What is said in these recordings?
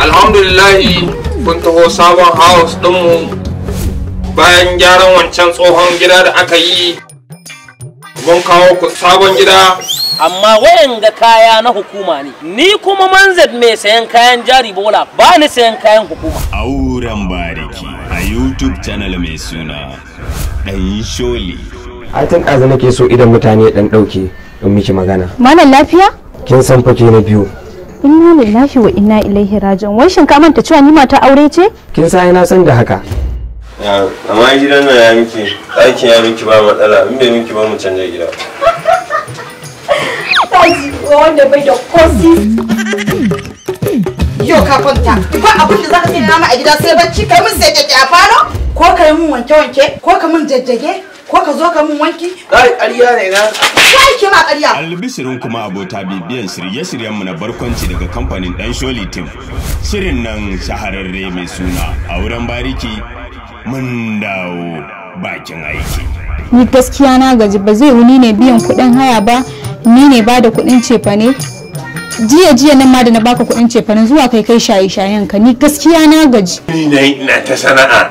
alhamdulillahi kun taho sabon house dinmu bayan gyaran wancan tsohon gida da aka yi mun kawo sabon gida amma wayan ga kaya na hukuma ne ni kuma manzad mai sayan kayan jari bola ba ni sayan kayan hukuma A auren bariki a youtube channel mai suna ɗan sholi ai tun ƙaza nake so idan mutane dan ɗauke in miki magana malam lafiya kin san fake na biyu inna lillahi wa inna ilaihi raji'un wai shin ka manta cewa ni mata aure ce kin sa ina san da haka amma gidan nan ya miki aikin ya miki ba matsala in bai miki ba mu canja gida wa wanda bai da kosi yau ka kwanta Ko abin da zaka sai nama a gida sai bacci kai mun sai da a faro ko kai mun wanke wanke ko ka mun jajjage ko ka zo ka mun wanki kai ƙarya ne na kai ke ba ƙarya albishirin kuma abota bibiyan shirye-shiryen mu na barkwanci daga kamfanin dan sholi team shirin nan shahararre mai suna auren bariki mun dawo bakin aiki ni gaskiya na gaji ba zai wuni ne biyan kuɗin haya ba ni ne ba da kuɗin cefa jiya jiya nan ma da na baka kuɗin cefane zuwa kai kai shaye shayen ka ni gaskiya na gaji ni na ta sana'a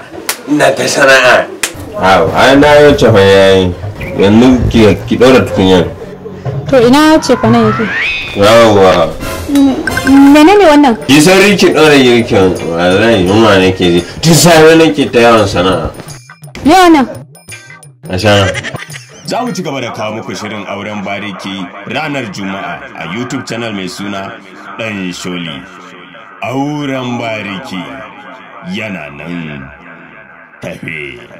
na ta sana'a a na yi cefa yayi yanzu ki ɗora tukunyar to ina cefa na yake yawwa mene ne wannan ki sauri ki ɗora girkin wallahi yunwa nake ji tun safe nake ta yawan sana'a yawa nan a sha za mu ci gaba da kawo muku shirin auren bariki ranar juma'a a youtube channel mai suna ɗan sholi auren bariki yana nan tafe